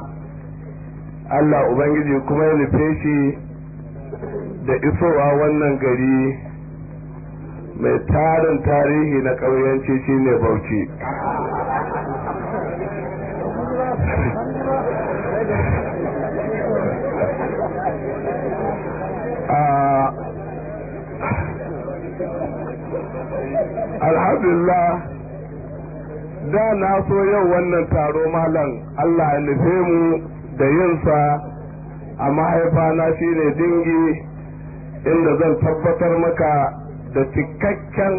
Speaker 1: Allah Ubangiji kuma ya nufe shi da isowa wannan gari mai tarin tarihi na ƙauyen shi ne Bauchi.
Speaker 2: alhamdulillah da na so yau wannan taro malam Allah ya nufe mu da yinsa a mahaifa na shine dingi inda zan tabbatar
Speaker 1: maka da cikakken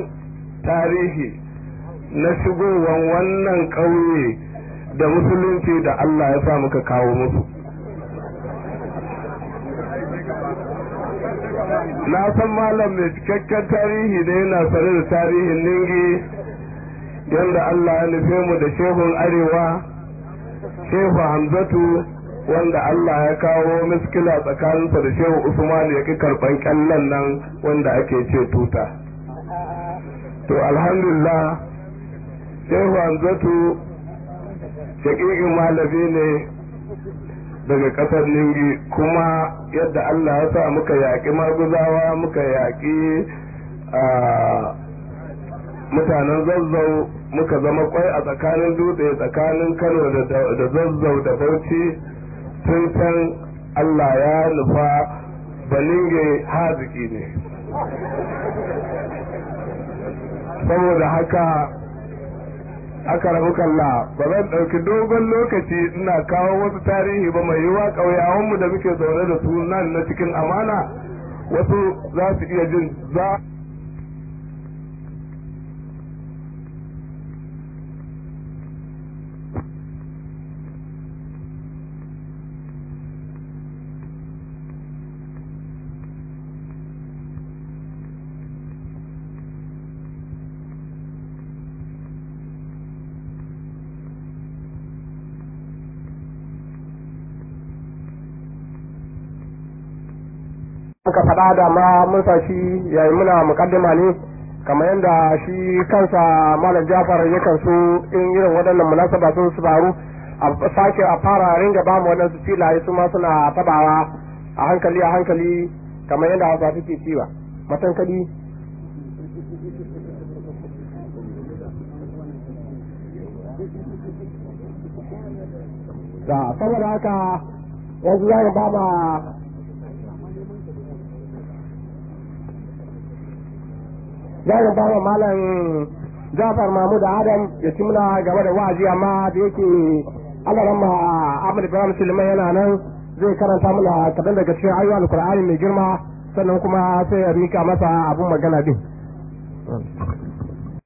Speaker 1: tarihi na shigowan wannan ƙauye da musulunci da Allah ya sa muka kawo musu na san malam mai cikakken tarihi da yana sane da tarihin ningi yadda Allah ya
Speaker 2: nufe mu da shehun arewa shehu hamzatu wanda Allah ya kawo miskila tsakaninsa da shehu usman ya ki karban kyallon nan wanda
Speaker 1: ake ce tuta to alhamdulillah shehu hamzatu shaƙiƙin malami ne daga ƙasar Newry kuma yadda Allah ya sa muka yaƙi maguzawa muka yaƙi mutanen zazzau muka zama kwai a tsakanin dutse tsakanin Kano da zazzau da Bauchi tun san
Speaker 3: Allah ya nufa balinge haziki ne
Speaker 1: saboda haka aka rabu kalla ba zan ɗauki dogon lokaci ina kawo wasu tarihi ba mai yiwa ƙauyawanmu da muke zaune da su nan na cikin amana wasu za su iya jin
Speaker 3: za
Speaker 2: muka faɗa da ma mun sa shi yayin muna mukaddima ne kamar yadda shi kansa malam jafar yakan so in irin waɗannan munasaba sun su faru a sake a fara ringa bamu waɗansu filaye su ma suna tabawa a hankali a hankali kamar yadda hausa suke cewa matankali da saboda haka yanzu za ba ma zan ba malam Jafar Mahmud Adam ya ci muna game da wa'azi amma da yake Allah ramma Ahmad Ibrahim Sulaiman yana nan zai karanta muna kadan daga cikin ayoyin Alkur'ani mai girma sannan kuma sai ya rika masa abun magana din